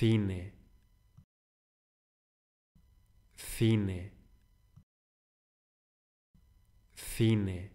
Θύνε. Θύνε. Θύνε.